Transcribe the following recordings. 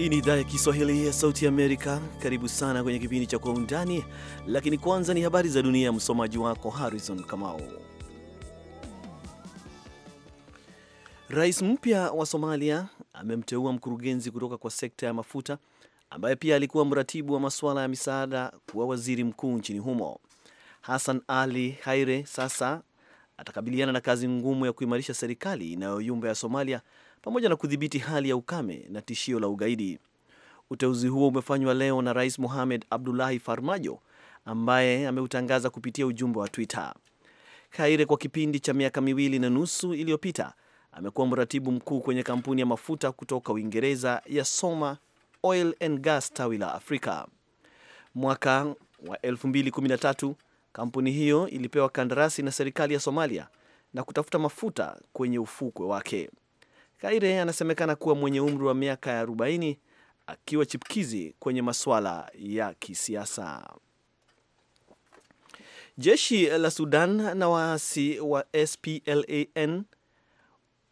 Hii ni idhaa ya Kiswahili ya Sauti Amerika. Karibu sana kwenye kipindi cha Kwa Undani, lakini kwanza ni habari za dunia. Msomaji wako Harrison Kamau. Rais mpya wa Somalia amemteua mkurugenzi kutoka kwa sekta ya mafuta ambaye pia alikuwa mratibu wa masuala ya misaada kuwa waziri mkuu nchini humo. Hassan Ali Haire sasa atakabiliana na kazi ngumu ya kuimarisha serikali inayoyumba ya Somalia pamoja na kudhibiti hali ya ukame na tishio la ugaidi. Uteuzi huo umefanywa leo na Rais Mohamed Abdullahi Farmajo ambaye ameutangaza kupitia ujumbe wa Twitter. Kaire kwa kipindi cha miaka miwili na nusu iliyopita amekuwa mratibu mkuu kwenye kampuni ya mafuta kutoka Uingereza ya Soma Oil and Gas tawi la Afrika. Mwaka wa 2013 kampuni hiyo ilipewa kandarasi na serikali ya Somalia na kutafuta mafuta kwenye ufukwe wake. Kaire anasemekana kuwa mwenye umri wa miaka ya 40 akiwa chipkizi kwenye masuala ya kisiasa. Jeshi la Sudan na waasi wa SPLAN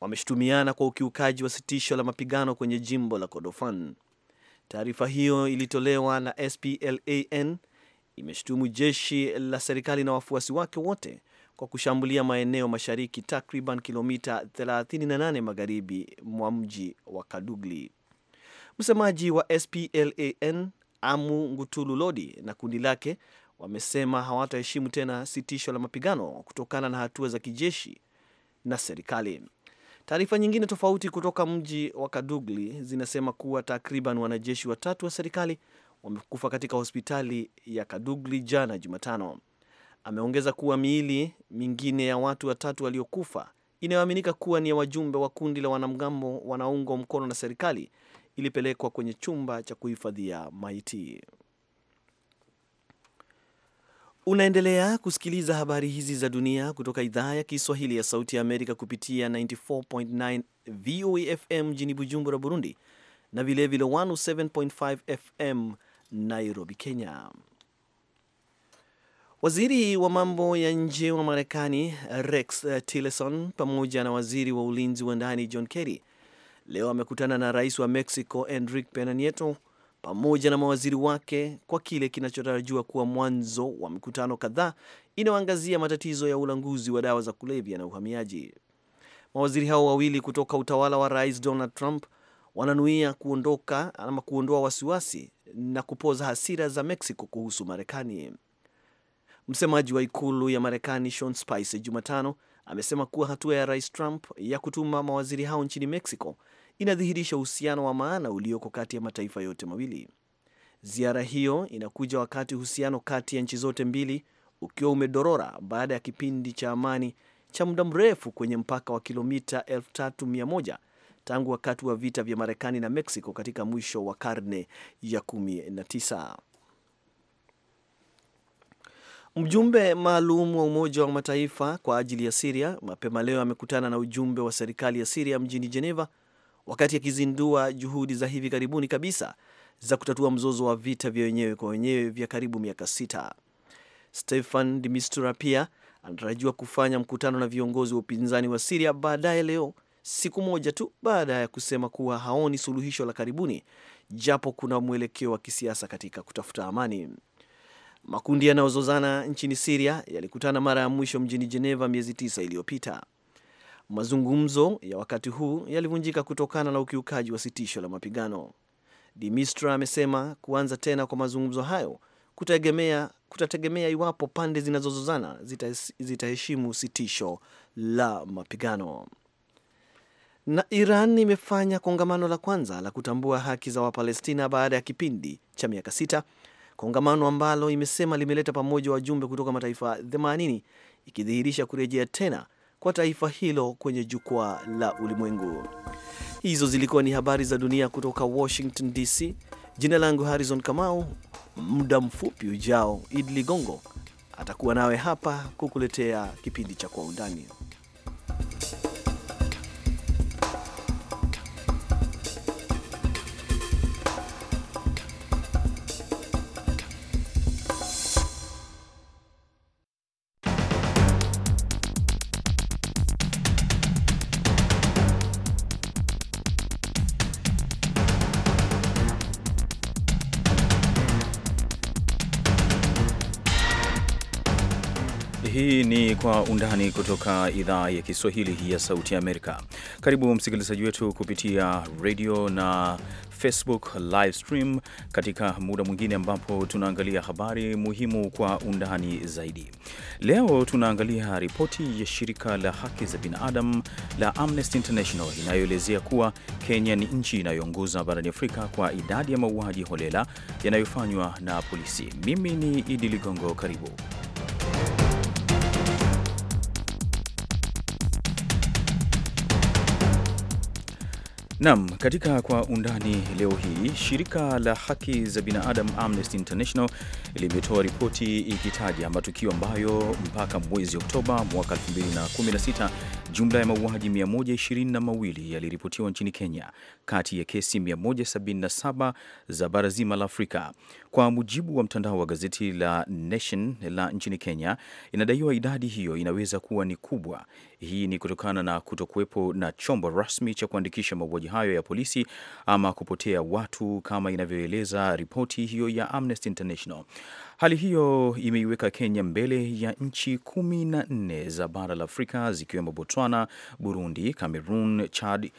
wameshutumiana kwa ukiukaji wa sitisho la mapigano kwenye jimbo la Kordofan. Taarifa hiyo ilitolewa na SPLAN imeshutumu jeshi la serikali na wafuasi wake wote kwa kushambulia maeneo mashariki takriban kilomita 38 magharibi mwa mji wa Kadugli. Msemaji wa SPLAN Amu Ngutulu Lodi na kundi lake wamesema hawataheshimu tena sitisho la mapigano kutokana na hatua za kijeshi na serikali. Taarifa nyingine tofauti kutoka mji wa Kadugli zinasema kuwa takriban wanajeshi watatu wa serikali wamekufa katika hospitali ya Kadugli jana Jumatano. Ameongeza kuwa miili mingine ya watu watatu waliokufa inayoaminika kuwa ni ya wajumbe wa kundi la wanamgambo wanaoungwa mkono na serikali ilipelekwa kwenye chumba cha kuhifadhia maiti. Unaendelea kusikiliza habari hizi za dunia kutoka idhaa ya Kiswahili ya Sauti ya Amerika kupitia 94.9 VOA FM mjini Bujumbura, Burundi, na vilevile 107.5 FM Nairobi, Kenya. Waziri wa mambo ya nje wa Marekani Rex Tillerson pamoja na waziri wa ulinzi wa ndani John Kerry leo amekutana na rais wa Mexico Enrique Pena Nieto pamoja na mawaziri wake kwa kile kinachotarajiwa kuwa mwanzo wa mikutano kadhaa inayoangazia matatizo ya ulanguzi wa dawa za kulevya na uhamiaji. Mawaziri hao wawili kutoka utawala wa rais Donald Trump wananuia kuondoka ama kuondoa wasiwasi na kupoza hasira za Mexico kuhusu Marekani. Msemaji wa ikulu ya Marekani Sean Spicer Jumatano amesema kuwa hatua ya rais Trump ya kutuma mawaziri hao nchini Mexico inadhihirisha uhusiano wa maana ulioko kati ya mataifa yote mawili. Ziara hiyo inakuja wakati uhusiano kati ya nchi zote mbili ukiwa umedorora baada ya kipindi cha amani cha muda mrefu kwenye mpaka wa kilomita 3100 tangu wakati wa vita vya Marekani na Mexico katika mwisho wa karne ya 19. Mjumbe maalum wa Umoja wa Mataifa kwa ajili ya Siria mapema leo amekutana na ujumbe wa serikali ya Siria mjini Geneva wakati akizindua juhudi za hivi karibuni kabisa za kutatua mzozo wa vita vya wenyewe kwa wenyewe vya karibu miaka sita. Stefan de Mistura pia anatarajiwa kufanya mkutano na viongozi wa upinzani wa Siria baadaye leo, siku moja tu baada ya kusema kuwa haoni suluhisho la karibuni, japo kuna mwelekeo wa kisiasa katika kutafuta amani. Makundi yanayozozana nchini Siria yalikutana mara ya mwisho mjini Jeneva miezi tisa iliyopita. Mazungumzo ya wakati huu yalivunjika kutokana na ukiukaji wa sitisho la mapigano. Dimistra amesema kuanza tena kwa mazungumzo hayo kutategemea kutategemea iwapo pande zinazozozana zitaheshimu zita sitisho la mapigano. Na Iran imefanya kongamano la kwanza la kutambua haki za Wapalestina baada ya kipindi cha miaka sita kongamano ambalo imesema limeleta pamoja wajumbe kutoka mataifa 80 ikidhihirisha kurejea tena kwa taifa hilo kwenye jukwaa la ulimwengu. Hizo zilikuwa ni habari za dunia kutoka Washington DC. Jina langu Harrison Kamau. Muda mfupi ujao, Idi Ligongo atakuwa nawe hapa kukuletea kipindi cha Kwa Undani. undani kutoka idhaa ya Kiswahili ya Sauti Amerika. Karibu msikilizaji wetu kupitia radio na Facebook live stream katika muda mwingine ambapo tunaangalia habari muhimu kwa undani zaidi. Leo tunaangalia ripoti ya shirika la haki za binadamu la Amnesty International inayoelezea kuwa Kenya ni nchi inayoongoza barani Afrika kwa idadi ya mauaji holela yanayofanywa na polisi. Mimi ni Idi Ligongo, karibu. Nam, katika kwa undani leo hii, shirika la haki za binadamu Amnesty International limetoa ripoti ikitaja matukio ambayo mpaka mwezi Oktoba mwaka 2016 jumla ya mauaji 122 yaliripotiwa nchini Kenya, kati ya kesi 177 za bara zima la Afrika. Kwa mujibu wa mtandao wa gazeti la Nation la nchini Kenya, inadaiwa idadi hiyo inaweza kuwa ni kubwa hii ni kutokana na kutokuwepo na chombo rasmi cha kuandikisha mauaji hayo ya polisi ama kupotea watu kama inavyoeleza ripoti hiyo ya Amnesty International. Hali hiyo imeiweka Kenya mbele ya nchi kumi na nne za bara la Afrika zikiwemo Botswana, Burundi, Cameroon, Chad,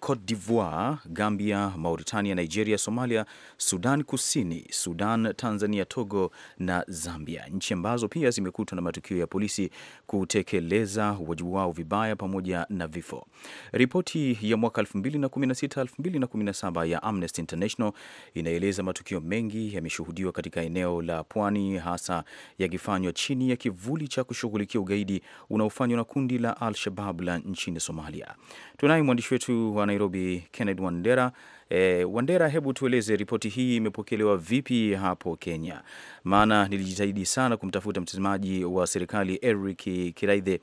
Cote d'Ivoire, Gambia, Mauritania, Nigeria, Somalia, Sudan Kusini, Sudan, Tanzania, Togo na Zambia, nchi ambazo pia zimekutwa na matukio ya polisi kutekeleza wajibu wao vibaya pamoja na vifo. Ripoti ya mwaka 2016-2017 ya Amnesty International inaeleza matukio mengi yameshuhudiwa katika eneo la pwani pwani, hasa yakifanywa chini ya kivuli cha kushughulikia ugaidi unaofanywa na kundi la Al-Shabab la nchini Somalia. Tunaye mwandishi wetu wa Nairobi, Kenneth Wandera. E, Wandera, hebu tueleze ripoti hii imepokelewa vipi hapo Kenya? Maana nilijitahidi sana kumtafuta mtazamaji wa serikali Eric Kiraithe,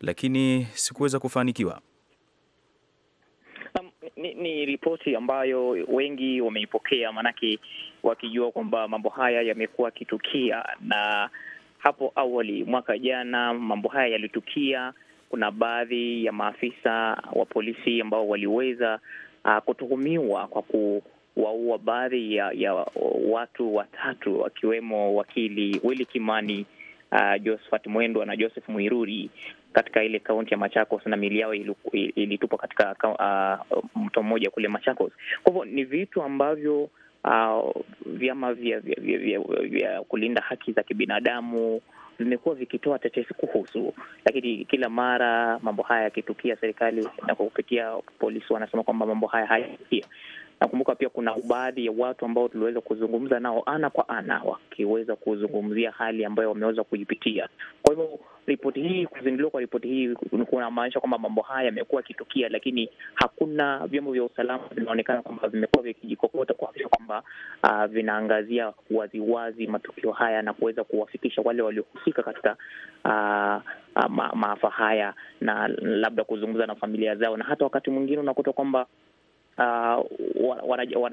lakini sikuweza kufanikiwa ni, ni ripoti ambayo wengi wameipokea, maanake wakijua kwamba mambo haya yamekuwa yakitukia, na hapo awali mwaka jana mambo haya yalitukia. Kuna baadhi ya maafisa wa polisi ambao waliweza uh, kutuhumiwa kwa kuwaua baadhi ya, ya watu watatu wakiwemo wakili Willy Kimani uh, ah, Josephat Mwendwa na Joseph Mwiruri katika ile kaunti ya Machakos na mili yao ilitupwa katika uh, mto mmoja kule Machakos. Kwa hivyo ni vitu ambavyo uh, vyama vya, vya, vya, vya, vya kulinda haki za kibinadamu vimekuwa vikitoa tetesi kuhusu, lakini kila mara mambo haya yakitukia, serikali na kwa kupitia polisi wanasema kwamba mambo haya hayatukia. Nakumbuka pia kuna baadhi ya watu ambao tuliweza kuzungumza nao ana kwa ana, wakiweza kuzungumzia hali ambayo wameweza kuipitia. Kwa hivyo ripoti hii, kuzinduliwa kwa ripoti hii kunamaanisha kwamba mambo haya yamekuwa yakitukia, lakini hakuna vyombo vya usalama vinaonekana kwamba vimekuwa vikijikokota kuhakikisha kwamba uh, vinaangazia waziwazi matukio haya na kuweza kuwafikisha wale waliohusika katika uh, uh, maafa haya na labda kuzungumza na familia zao, na hata wakati mwingine unakuta kwamba uh,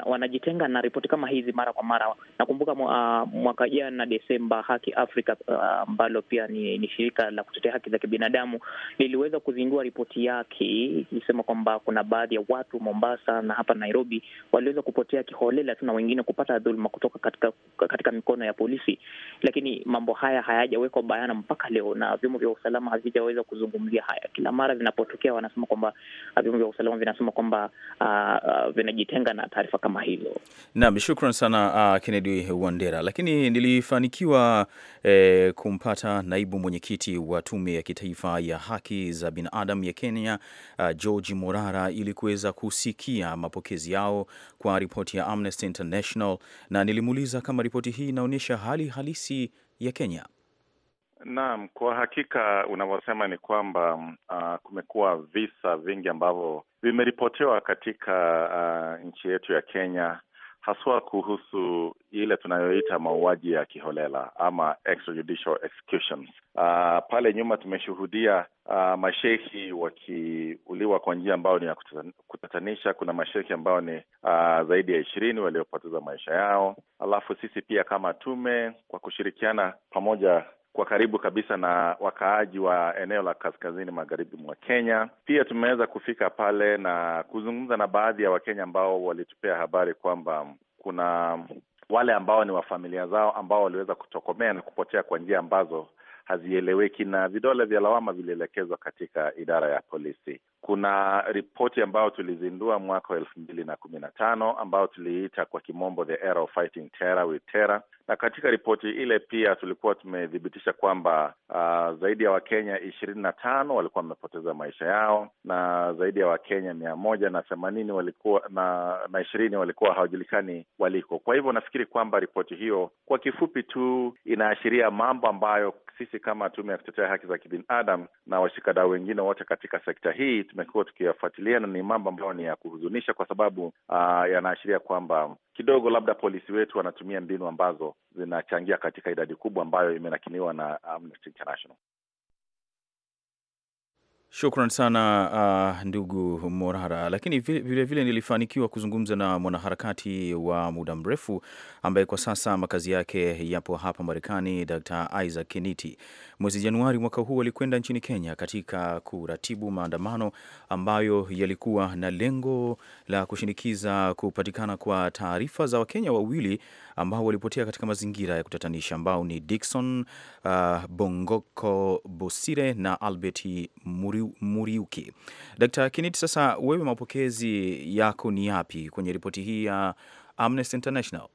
wanajitenga na ripoti kama hizi mara kwa mara. Nakumbuka uh, mwaka jana Desemba, Haki Afrika uh, ambalo uh, pia ni, ni shirika la kutetea haki za kibinadamu liliweza kuzindua ripoti yake ikisema kwamba kuna baadhi ya watu Mombasa na hapa Nairobi waliweza kupotea kiholela tu na wengine kupata dhuluma kutoka katika, katika mikono ya polisi, lakini mambo haya hayajawekwa bayana mpaka leo na vyombo vya usalama havijaweza kuzungumzia haya. Kila mara vinapotokea wanasema kwamba vyombo vya usalama vinasema kwamba uh, Uh, vinajitenga na taarifa kama hizo. Naam, shukran sana uh, Kennedy Wandera. Lakini nilifanikiwa eh, kumpata naibu mwenyekiti wa tume ya kitaifa ya haki za binadamu ya Kenya uh, George Morara ili kuweza kusikia mapokezi yao kwa ripoti ya Amnesty International, na nilimuuliza kama ripoti hii inaonyesha hali halisi ya Kenya. Naam, kwa hakika unavyosema ni kwamba uh, kumekuwa visa vingi ambavyo vimeripotiwa katika uh, nchi yetu ya Kenya haswa kuhusu ile tunayoita mauaji ya kiholela ama extrajudicial executions. Uh, pale nyuma tumeshuhudia uh, mashehi wakiuliwa kwa njia ambayo ni ya kutatanisha. Kuna mashehi ambayo ni uh, zaidi ya ishirini waliopoteza maisha yao. Alafu sisi pia kama tume kwa kushirikiana pamoja kwa karibu kabisa na wakaaji wa eneo la kaskazini magharibi mwa Kenya. Pia tumeweza kufika pale na kuzungumza na baadhi ya Wakenya ambao walitupea habari kwamba kuna wale ambao ni wa familia zao ambao waliweza kutokomea na kupotea kwa njia ambazo hazieleweki na vidole vya lawama vilielekezwa katika idara ya polisi. Kuna ripoti ambayo tulizindua mwaka wa elfu mbili na kumi na tano ambayo tuliita kwa kimombo the era of fighting terror with terror, na katika ripoti ile pia tulikuwa tumethibitisha kwamba uh, zaidi ya Wakenya ishirini na tano walikuwa wamepoteza maisha yao na zaidi ya Wakenya mia moja na themanini walikuwa na na ishirini walikuwa hawajulikani waliko. Kwa hivyo nafikiri kwamba ripoti hiyo kwa kifupi tu inaashiria mambo ambayo sisi kama Tume ya Kutetea Haki za Kibinadamu na washikadao wengine wote katika sekta hii tumekuwa tukiyafuatilia, na ni mambo ambayo ni ya kuhuzunisha, kwa sababu uh, yanaashiria kwamba kidogo labda polisi wetu wanatumia mbinu ambazo zinachangia katika idadi kubwa ambayo imenakiniwa na Amnesty International. Shukran sana uh, ndugu Morara, lakini vilevile vile nilifanikiwa kuzungumza na mwanaharakati wa muda mrefu ambaye kwa sasa makazi yake yapo hapa Marekani, Dr Isaac Kiniti. Mwezi Januari mwaka huu alikwenda nchini Kenya katika kuratibu maandamano ambayo yalikuwa na lengo la kushinikiza kupatikana kwa taarifa za Wakenya wawili ambao walipotea katika mazingira ya kutatanisha ambao ni Dikson uh, ah, Bongoko Bosire na Albert Muri Muriuki. Dkt. Kinit, sasa wewe mapokezi yako ni yapi kwenye ripoti hii ya Amnesty International?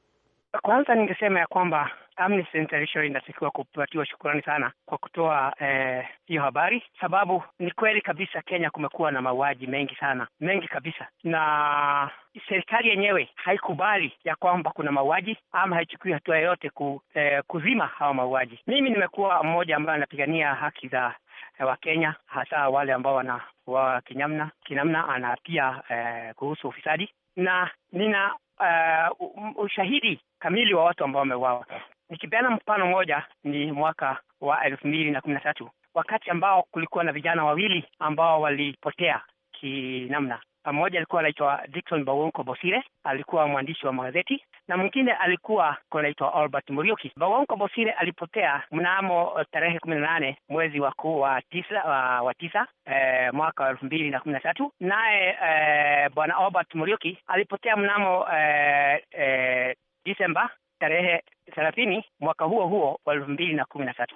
Kwanza ningesema ya kwamba Amnesty International inatakiwa kupatiwa shukurani sana kwa kutoa eh, hiyo eh, habari. Sababu ni kweli kabisa, Kenya kumekuwa na mauaji mengi sana, mengi kabisa, na serikali yenyewe haikubali ya kwamba kuna mauaji ama haichukui hatua yoyote ku, eh, kuzima hawa mauaji. Mimi nimekuwa mmoja ambaye anapigania haki za Eh, wa Kenya, hasa wale ambao wana wa kinyamna kinamna anapia eh, kuhusu ufisadi na nina uh, ushahidi kamili wa watu ambao wameuawa. Nikipeana mfano mmoja, ni mwaka wa elfu mbili na kumi na tatu wakati ambao kulikuwa na vijana wawili ambao walipotea kinamna mmoja alikuwa anaitwa Dickson Bawonko Bosire, alikuwa mwandishi wa magazeti na mwingine alikuwa anaitwa Albert Murioki. Bawonko Bosire alipotea mnamo eh, tarehe kumi na nane mwezi wa kuu wa tisa, wa, wa tisa e, mwaka wa elfu mbili na kumi na tatu. Naye eh, bwana Albert Murioki alipotea mnamo e, e, Disemba tarehe thelathini mwaka huo huo wa elfu mbili na kumi na tatu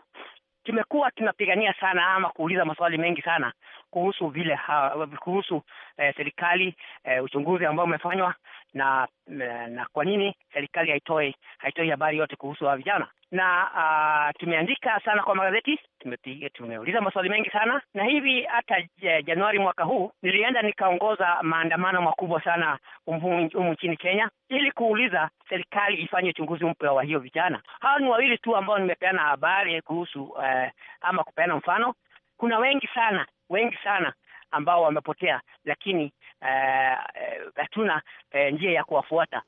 kimekuwa kinapigania sana ama kuuliza maswali mengi sana kuhusu vile ha, kuhusu eh, serikali eh, uchunguzi ambao umefanywa na na kwa nini serikali haitoi haitoi habari yote kuhusu wa vijana? Na uh, tumeandika sana kwa magazeti, tumepiga, tumeuliza maswali mengi sana, na hivi hata Januari mwaka huu nilienda nikaongoza maandamano makubwa sana humu nchini Kenya ili kuuliza serikali ifanye uchunguzi mpya wa hiyo vijana. Hawa ni wawili tu ambao nimepeana habari kuhusu uh, ama kupeana mfano. Kuna wengi sana wengi sana ambao wamepotea, lakini eh, eh, hatuna uh, uh, njia ya kuwafuata.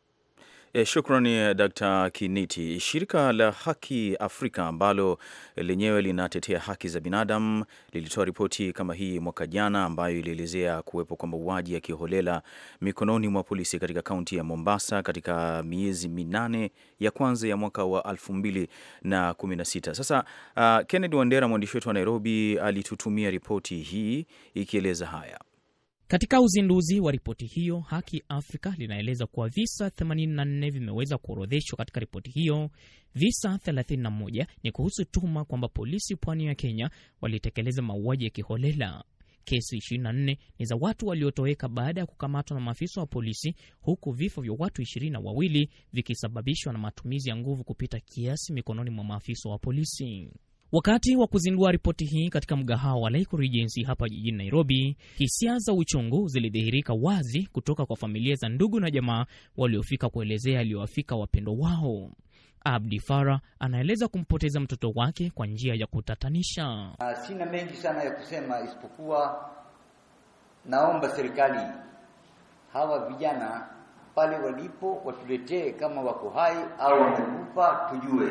E, shukrani eh, Dkt. Kiniti. Shirika la Haki Afrika ambalo lenyewe linatetea haki za binadamu lilitoa ripoti kama hii mwaka jana, ambayo ilielezea kuwepo kwa mauaji ya kiholela mikononi mwa polisi katika kaunti ya Mombasa katika miezi minane ya kwanza ya mwaka wa 2016. Sasa uh, Kennedy Wandera mwandishi wetu wa Nairobi alitutumia ripoti hii ikieleza haya katika uzinduzi wa ripoti hiyo, Haki Afrika linaeleza kuwa visa 84 vimeweza kuorodheshwa katika ripoti hiyo. Visa 31 ni kuhusu tuhuma kwamba polisi pwani ya Kenya walitekeleza mauaji ya kiholela. Kesi 24 ni za watu waliotoweka baada ya kukamatwa na maafisa wa polisi, huku vifo vya watu ishirini na wawili vikisababishwa na matumizi ya nguvu kupita kiasi mikononi mwa maafisa wa polisi. Wakati wa kuzindua ripoti hii katika mgahawa wa Laico Regency hapa jijini Nairobi, hisia za uchungu zilidhihirika wazi kutoka kwa familia za ndugu na jamaa waliofika kuelezea aliyowafika wapendwa wao. Abdi Fara anaeleza kumpoteza mtoto wake kwa njia ya kutatanisha. Ah, sina mengi sana ya kusema isipokuwa naomba serikali, hawa vijana pale walipo watuletee, kama wako hai au wamekufa, tujue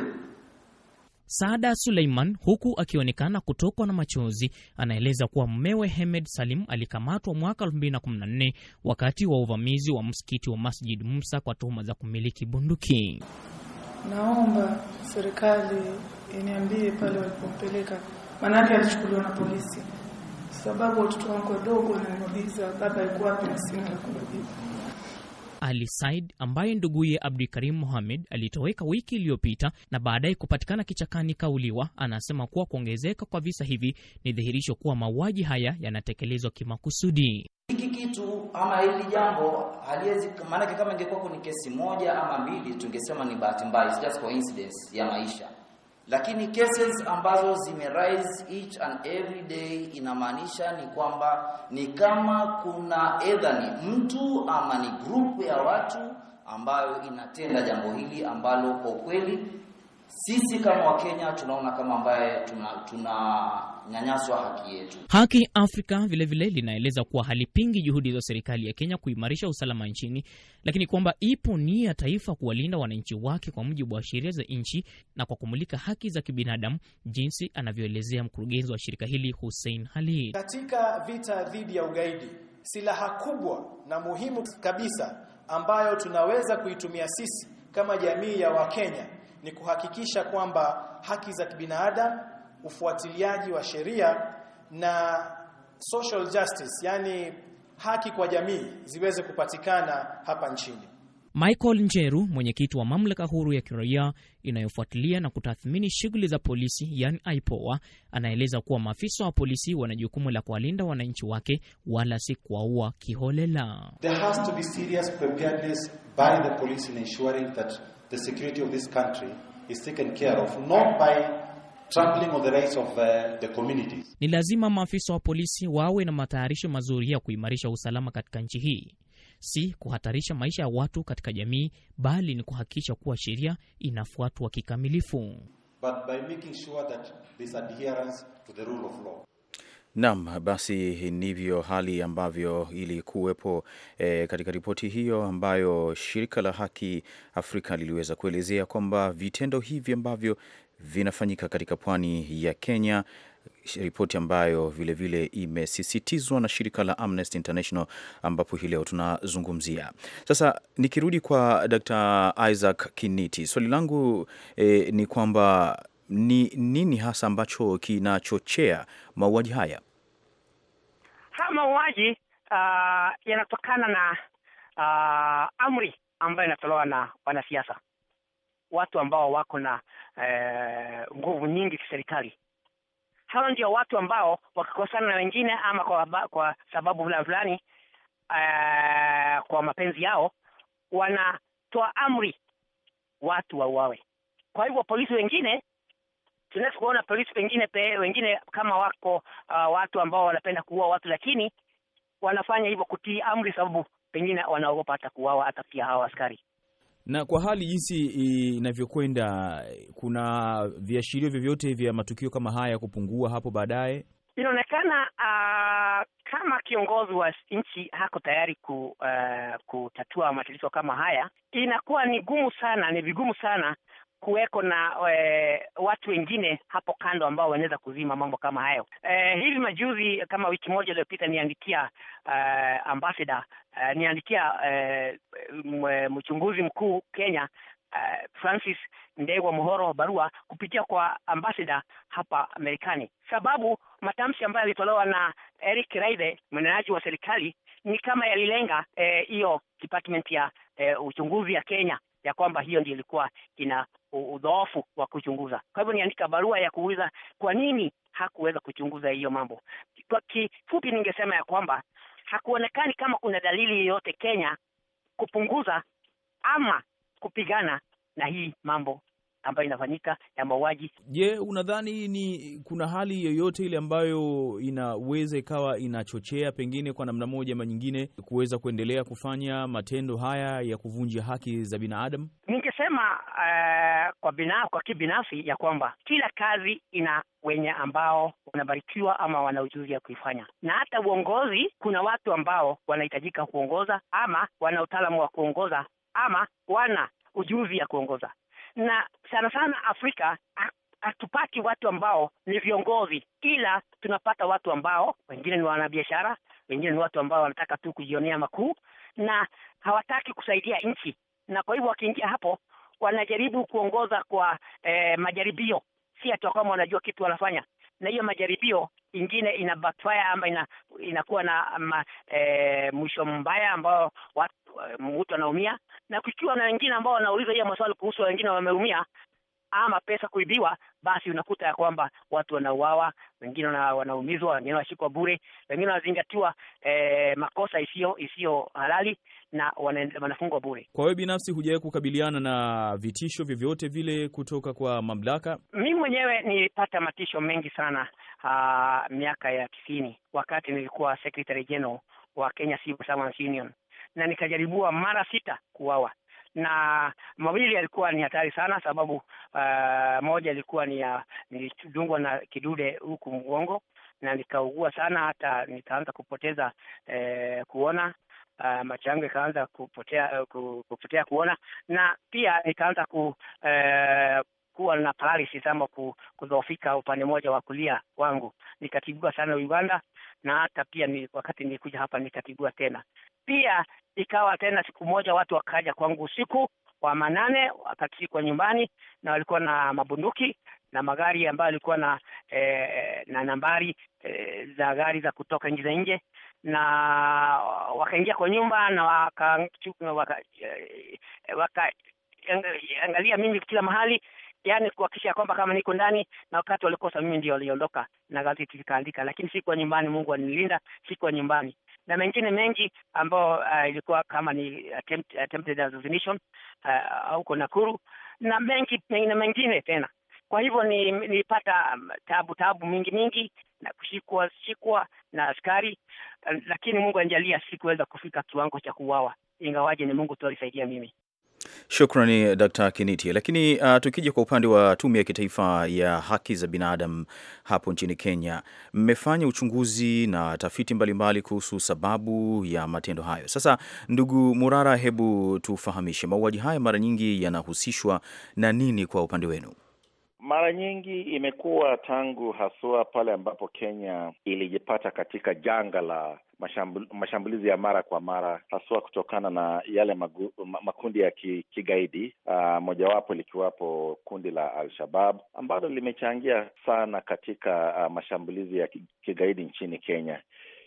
Saada Suleiman, huku akionekana kutokwa na machozi, anaeleza kuwa mmewe Hemed Salim alikamatwa mwaka 2014 wakati wa uvamizi wa msikiti wa Masjid Musa kwa tuhuma za kumiliki bunduki. Naomba serikali iniambie pale walipompeleka, maanake alichukuliwa na polisi, sababu watoto wangu wadogo wananiuliza baba yuko wapi na sina la kujibu. Ali Said ambaye nduguye Abdi Karim Mohamed alitoweka wiki iliyopita na baadaye kupatikana kichakani kauliwa, anasema kuwa kuongezeka kwa visa hivi ni dhihirisho kuwa mauaji haya yanatekelezwa kimakusudi. Hiki kitu ama hili jambo haliwezi, maanake kama ingekuwa kuni kesi moja ama mbili tungesema ni bahati mbaya, just coincidence ya maisha lakini cases ambazo rise each and every day inamaanisha ni kwamba ni kama kuna either ni mtu ama ni grupu ya watu ambayo inatenda jambo hili ambalo kwa kweli sisi kama Wakenya tunaona kama ambaye tuna, tuna nyanyaswa haki yetu. Haki Afrika vilevile linaeleza kuwa halipingi juhudi za serikali ya Kenya kuimarisha usalama nchini, lakini kwamba ipo nia ya taifa kuwalinda wananchi wake kwa mujibu wa sheria za nchi na kwa kumulika haki za kibinadamu, jinsi anavyoelezea mkurugenzi wa shirika hili Hussein Halid. Katika vita dhidi ya ugaidi, silaha kubwa na muhimu kabisa ambayo tunaweza kuitumia sisi kama jamii ya Wakenya ni kuhakikisha kwamba haki za kibinadamu ufuatiliaji wa sheria na social justice, yani haki kwa jamii ziweze kupatikana hapa nchini. Michael Njeru, mwenyekiti wa mamlaka huru ya kiraia inayofuatilia na kutathmini shughuli za polisi, yani IPOA, anaeleza kuwa maafisa wa polisi wana jukumu la kuwalinda wananchi wake, wala si kuwaua kiholela. There has to be serious preparedness by the police in ensuring that the security of this country is taken care of not by Of the rights of uh, the communities. Ni lazima maafisa wa polisi wawe na matayarisho mazuri ya kuimarisha usalama katika nchi hii, si kuhatarisha maisha ya watu katika jamii, bali ni kuhakikisha kuwa sheria inafuatwa kikamilifu. Naam, basi ndivyo hali ambavyo ilikuwepo e, katika ripoti hiyo ambayo shirika la haki Afrika liliweza kuelezea kwamba vitendo hivi ambavyo vinafanyika katika pwani ya Kenya, ripoti ambayo vilevile imesisitizwa na shirika la Amnesty International ambapo hii leo tunazungumzia. Sasa nikirudi kwa Dr. Isaac Kiniti, swali langu eh, ni kwamba ni nini hasa ambacho kinachochea mauaji haya? Haya mauaji uh, yanatokana na uh, amri ambayo inatolewa na wanasiasa watu ambao wako na eh, nguvu nyingi kiserikali. Hawa ndio watu ambao wakikosana na wengine ama kwa, kwa sababu fulani fulani eh, kwa mapenzi yao wanatoa amri watu wauawe. Kwa hivyo polisi wengine tunaweza kuona polisi wengine pe, wengine kama wako uh, watu ambao wanapenda kuua watu, lakini wanafanya hivyo kutii amri, sababu pengine wanaogopa hata kuwawa hata pia hawa askari. Na kwa hali jinsi inavyokwenda, kuna viashirio vyovyote vya matukio kama haya kupungua hapo baadaye? Inaonekana uh, kama kiongozi wa nchi hako tayari ku, uh, kutatua matatizo kama haya, inakuwa ni gumu sana, ni vigumu sana kuweko na e, watu wengine hapo kando ambao wanaweza kuzima mambo kama hayo. E, hivi majuzi kama wiki moja iliyopita niandikia e, eh, ambasada e, niandikia e, mchunguzi mkuu Kenya e, Francis Ndegwa Muhoro barua kupitia kwa ambasada hapa Marekani, sababu matamshi ambayo yalitolewa na Eric Raidhe mwenenaji wa serikali ni kama yalilenga hiyo e, department ya e, uchunguzi ya Kenya ya kwamba hiyo ndio ilikuwa ina udhoofu wa kuchunguza. Kwa hivyo niandika barua ya kuuliza kwa nini hakuweza kuchunguza hiyo mambo. Kwa kifupi, ningesema ya kwamba hakuonekani kama kuna dalili yoyote Kenya kupunguza ama kupigana na hii mambo ambayo inafanyika ya mauaji. Je, unadhani ni kuna hali yoyote ile ambayo inaweza ikawa inachochea pengine kwa namna moja ama nyingine kuweza kuendelea kufanya matendo haya ya kuvunja haki za binadamu? Ningesema uh, kwa bina, kwa kibinafsi ya kwamba kila kazi ina wenye ambao wanabarikiwa ama wana ujuzi ya kuifanya, na hata uongozi, kuna watu ambao wanahitajika kuongoza ama wana utaalamu wa kuongoza ama wana ujuzi ya kuongoza na sana sana Afrika hatupati watu ambao ni viongozi, ila tunapata watu ambao wengine ni wanabiashara, wengine ni watu ambao wanataka tu kujionea makuu na hawataki kusaidia nchi, na kwa hivyo wakiingia hapo wanajaribu kuongoza kwa eh, majaribio, si ati kwamba wanajua kitu wanafanya, na hiyo majaribio ingine ina backfire ama ina, inakuwa na ama, e, mwisho mbaya ambao watu e, mtu anaumia, na kukiwa na wengine ambao wanauliza hiyo maswali kuhusu wengine wameumia, ama pesa kuibiwa, basi unakuta ya kwamba watu wanauawa, wengine wanaumizwa, wengine wanashikwa bure, wengine wanazingatiwa eh, makosa isiyo isiyo halali na wanafungwa bure. Kwa wewe binafsi, hujawahi kukabiliana na vitisho vyovyote vile kutoka kwa mamlaka? mi mwenyewe nilipata matisho mengi sana aa, ah, miaka ya tisini wakati nilikuwa Secretary General wa Kenya Civil Servants Union na nikajaribua mara sita kuwawa na mawili yalikuwa ni hatari sana, sababu uh, moja ilikuwa ni ya nilidungwa na kidude huku mgongo na nikaugua sana, hata nikaanza kupoteza eh, kuona Uh, macho yangu ikaanza kupotea, uh, kupotea kuona na pia nikaanza ku, eh, kuwa na paralysis ama kudhoofika upande mmoja wa kulia wangu. Nikatibua sana Uganda, na hata pia ni, wakati nilikuja hapa nikatibua tena pia. Ikawa tena siku moja watu wakaja kwangu usiku wa manane, wakati kwa nyumbani, na walikuwa na mabunduki na magari ambayo yalikuwa na eh, na nambari eh, za gari za kutoka nje za nje, na wakaingia kwa nyumba na waka, waka, e, waka e, angalia mimi kila mahali yani kuhakikisha kwamba kama niko ndani na wakati walikosa mimi ndio waliondoka na gazeti likaandika, lakini sikuwa nyumbani. Mungu anilinda sikuwa nyumbani na mengine mengi ambayo uh, ilikuwa kama ni attempt, attempted assassination uh, Nakuru na mengi mengine mengine tena. Kwa hivyo nilipata ni um, tabu tabu mingi mingi na kushikwa shikwa na askari lakini Mungu anijalia sikuweza kufika kiwango cha kuwawa ingawaje ni Mungu tu alisaidia mimi. Shukrani Dkt. Kiniti. Lakini uh, tukija kwa upande wa tume ya kitaifa ya haki za binadamu hapo nchini Kenya, mmefanya uchunguzi na tafiti mbalimbali kuhusu sababu ya matendo hayo. Sasa ndugu Murara, hebu tufahamishe mauaji haya mara nyingi yanahusishwa na nini kwa upande wenu? mara nyingi imekuwa tangu haswa pale ambapo Kenya ilijipata katika janga la mashambulizi ya mara kwa mara haswa kutokana na yale magu, makundi ya ki, kigaidi uh, mojawapo likiwapo kundi la Al-Shabab ambalo limechangia sana katika uh, mashambulizi ya kigaidi nchini Kenya.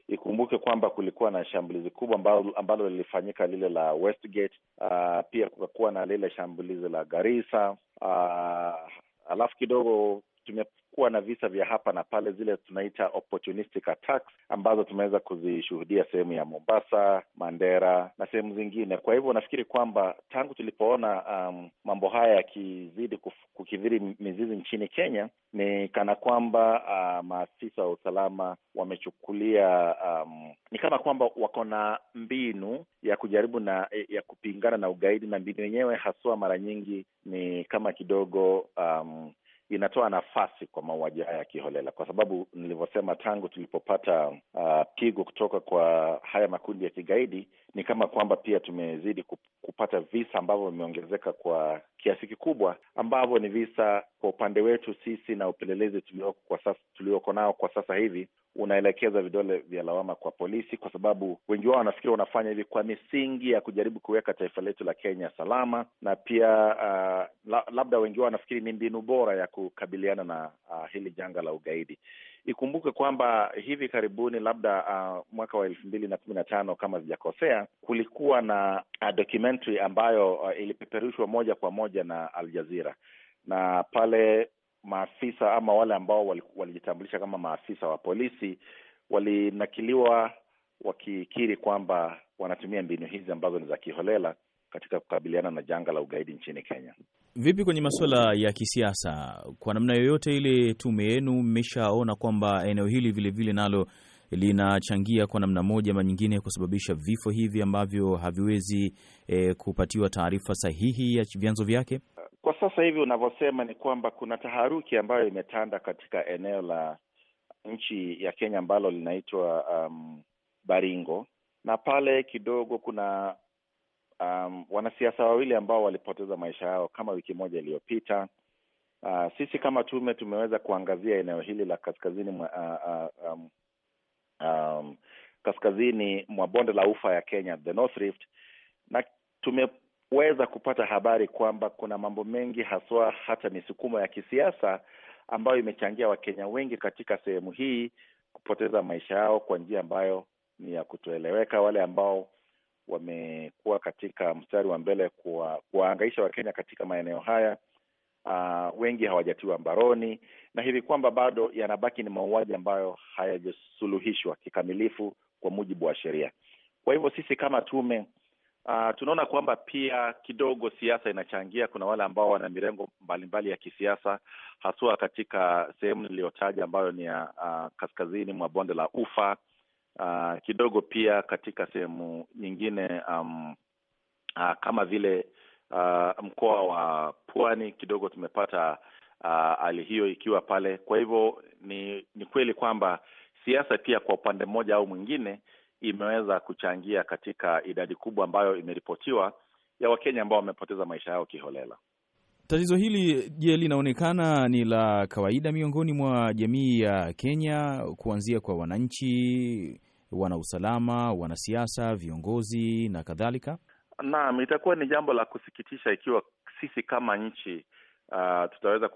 Ikumbuke kwamba kulikuwa na shambulizi kubwa ambalo, ambalo lilifanyika lile la Westgate. Uh, pia kukakuwa na lile shambulizi la garisa Uh, alafu kidogo tume kumekuwa na visa vya hapa na pale, zile tunaita opportunistic attacks, ambazo tumeweza kuzishuhudia sehemu ya Mombasa, Mandera na sehemu zingine. Kwa hivyo nafikiri kwamba tangu tulipoona um, mambo haya yakizidi kukidhiri mizizi nchini Kenya, ni kana kwamba uh, maafisa wa usalama wamechukulia um, ni kama kwamba wako na mbinu ya kujaribu na eh, ya kupingana na ugaidi, na mbinu yenyewe haswa mara nyingi ni kama kidogo um, inatoa nafasi kwa mauaji haya ya kiholela, kwa sababu nilivyosema, tangu tulipopata uh, pigo kutoka kwa haya makundi ya kigaidi, ni kama kwamba pia tumezidi kupata visa ambavyo vimeongezeka kwa kiasi kikubwa, ambavyo ni visa kwa upande wetu sisi na upelelezi tulioko nao kwa sasa hivi unaelekeza vidole vya lawama kwa polisi, kwa sababu wengi wao wanafikiri wanafanya hivi kwa misingi ya kujaribu kuweka taifa letu la Kenya salama, na pia uh, la, labda wengi wao wanafikiri ni mbinu bora ya kukabiliana na uh, hili janga la ugaidi. Ikumbuke kwamba hivi karibuni, labda uh, mwaka wa elfu mbili na kumi na tano kama sijakosea, kulikuwa na uh, documentary ambayo uh, ilipeperushwa moja kwa moja na Al Jazeera na pale maafisa ama wale ambao walijitambulisha kama maafisa wa polisi walinakiliwa wakikiri kwamba wanatumia mbinu hizi ambazo ni za kiholela katika kukabiliana na janga la ugaidi nchini Kenya. Vipi kwenye masuala ya kisiasa, kwa namna yoyote ile, tume yenu mmeshaona kwamba eneo hili vilevile vile nalo linachangia kwa namna moja ama nyingine kusababisha vifo hivi ambavyo haviwezi eh, kupatiwa taarifa sahihi ya vyanzo vyake? Kwa sasa hivi unavyosema ni kwamba kuna taharuki ambayo imetanda katika eneo la nchi ya Kenya ambalo linaitwa um, Baringo, na pale kidogo kuna um, wanasiasa wawili ambao walipoteza maisha yao kama wiki moja iliyopita. Uh, sisi kama tume tumeweza kuangazia eneo hili la kaskazini mwa, uh, uh, um, um, kaskazini mwa bonde la ufa ya Kenya, the North Rift, na tume weza kupata habari kwamba kuna mambo mengi haswa hata misukumo ya kisiasa ambayo imechangia Wakenya wengi katika sehemu hii kupoteza maisha yao kwa njia ambayo ni ya kutoeleweka. Wale ambao wamekuwa katika mstari wa mbele kuwaangaisha Wakenya katika maeneo haya uh, wengi hawajatiwa mbaroni, na hivi kwamba bado yanabaki ni mauaji ambayo hayajasuluhishwa kikamilifu kwa mujibu wa sheria. Kwa hivyo sisi kama tume Uh, tunaona kwamba pia kidogo siasa inachangia. Kuna wale ambao wana mirengo mbalimbali ya kisiasa, haswa katika sehemu niliyotaja ambayo ni ya uh, kaskazini mwa bonde la Ufa, uh, kidogo pia katika sehemu nyingine um, uh, kama vile uh, mkoa wa Pwani kidogo tumepata hali uh, hiyo ikiwa pale. Kwa hivyo ni, ni kweli kwamba siasa pia kwa upande mmoja au mwingine imeweza kuchangia katika idadi kubwa ambayo imeripotiwa ya Wakenya ambao wamepoteza maisha yao kiholela. Tatizo hili je, linaonekana ni la kawaida miongoni mwa jamii ya Kenya, kuanzia kwa wananchi, wanausalama, wanasiasa, viongozi na kadhalika? Naam, itakuwa ni jambo la kusikitisha ikiwa sisi kama nchi uh, tutaweza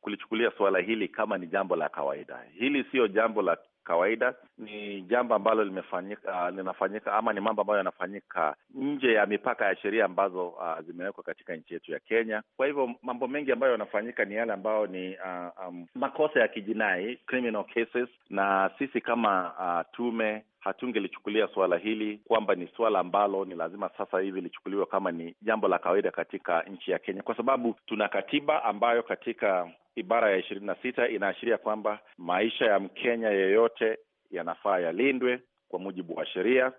kulichukulia suala hili kama ni jambo la kawaida. Hili siyo jambo la kawaida. Ni jambo ambalo limefanyika, linafanyika ama ni mambo ambayo yanafanyika nje ya mipaka ya sheria ambazo uh, zimewekwa katika nchi yetu ya Kenya. Kwa hivyo mambo mengi ambayo yanafanyika ni yale ambayo ni uh, um, makosa ya kijinai, criminal cases, na sisi kama uh, tume hatungelichukulia suala hili kwamba ni suala ambalo ni lazima sasa hivi lichukuliwe kama ni jambo la kawaida katika nchi ya Kenya, kwa sababu tuna katiba ambayo katika ibara ya ishirini na sita inaashiria kwamba maisha ya Mkenya yeyote yanafaa yalindwe kwa mujibu wa sheria,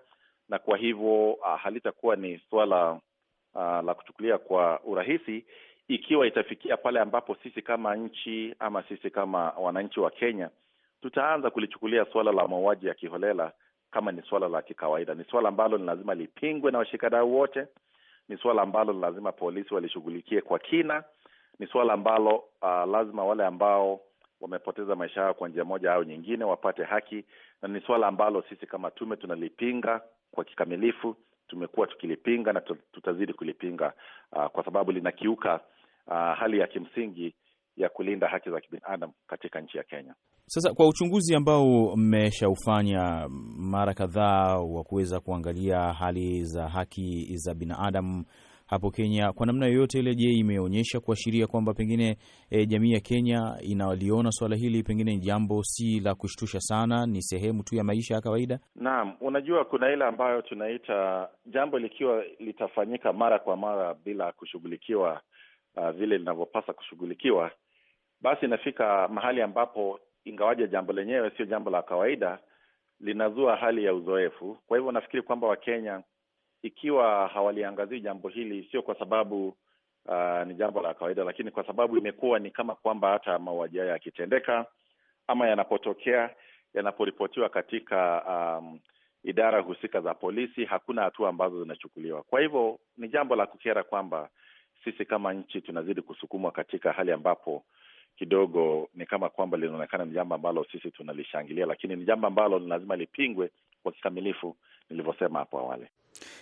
na kwa hivyo uh, halitakuwa ni suala uh, la kuchukulia kwa urahisi ikiwa itafikia pale ambapo sisi kama nchi ama sisi kama wananchi wa Kenya tutaanza kulichukulia suala la mauaji ya kiholela kama ni suala la kikawaida. Ni suala ambalo ni lazima lipingwe na washikadau wote. Ni suala ambalo ni lazima polisi walishughulikie kwa kina. Ni suala ambalo uh, lazima wale ambao wamepoteza maisha yao kwa njia moja au nyingine wapate haki, na ni suala ambalo sisi kama tume tunalipinga kwa kikamilifu. Tumekuwa tukilipinga na tutazidi kulipinga uh, kwa sababu linakiuka uh, hali ya kimsingi ya kulinda haki za kibinadamu katika nchi ya Kenya. Sasa kwa uchunguzi ambao mmeshaufanya mara kadhaa wa kuweza kuangalia hali za haki za binadamu hapo Kenya, kwa namna yoyote ile, je, imeonyesha kuashiria kwamba pengine e, jamii ya Kenya inaliona suala hili pengine ni jambo si la kushtusha sana, ni sehemu tu ya maisha ya kawaida? Naam, unajua kuna ile ambayo tunaita jambo likiwa litafanyika mara kwa mara bila kushughulikiwa uh, vile linavyopasa kushughulikiwa, basi inafika mahali ambapo ingawaje jambo lenyewe sio jambo la kawaida, linazua hali ya uzoefu. Kwa hivyo nafikiri kwamba Wakenya ikiwa hawaliangazii jambo hili, sio kwa sababu uh, ni jambo la kawaida, lakini kwa sababu imekuwa ni kama kwamba hata mauaji hayo yakitendeka ama yanapotokea, yanaporipotiwa katika um, idara husika za polisi, hakuna hatua ambazo zinachukuliwa. Kwa hivyo ni jambo la kukera kwamba sisi kama nchi tunazidi kusukumwa katika hali ambapo kidogo ni kama kwamba linaonekana ni jambo ambalo sisi tunalishangilia, lakini ni jambo ambalo lazima lipingwe kwa kikamilifu, nilivyosema hapo awali.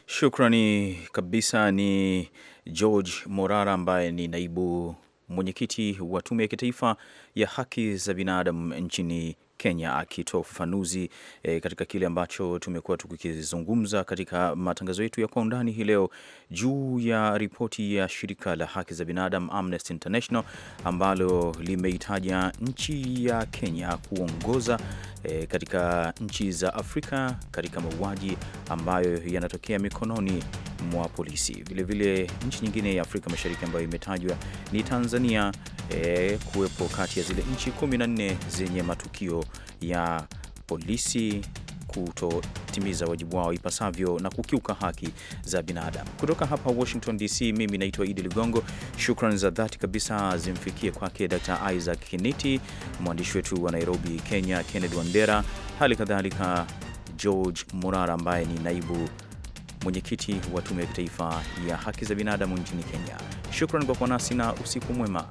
Shukrani kabisa. Ni George Morara ambaye ni naibu mwenyekiti wa Tume ya Kitaifa ya Haki za Binadamu nchini Kenya akitoa ufafanuzi e, katika kile ambacho tumekuwa tukikizungumza katika matangazo yetu ya kwa undani hii leo juu ya ripoti ya shirika la haki za binadamu Amnesty International ambalo limeitaja nchi ya Kenya kuongoza e, katika nchi za Afrika katika mauaji ambayo yanatokea mikononi mwa polisi. Vilevile nchi nyingine ya Afrika Mashariki ambayo imetajwa ni Tanzania e, kuwepo kati ya zile nchi 14 zenye matukio ya polisi kutotimiza wajibu wao ipasavyo na kukiuka haki za binadamu. Kutoka hapa Washington DC, mimi naitwa Idi Ligongo. Shukran za dhati kabisa zimfikie kwake Dr. Isaac Kiniti, mwandishi wetu wa Nairobi, Kenya, Kennedy Wandera, hali kadhalika George Murara ambaye ni naibu mwenyekiti wa Tume ya Kitaifa ya Haki za Binadamu nchini Kenya. Shukran kwa kuwa nasi na usiku mwema.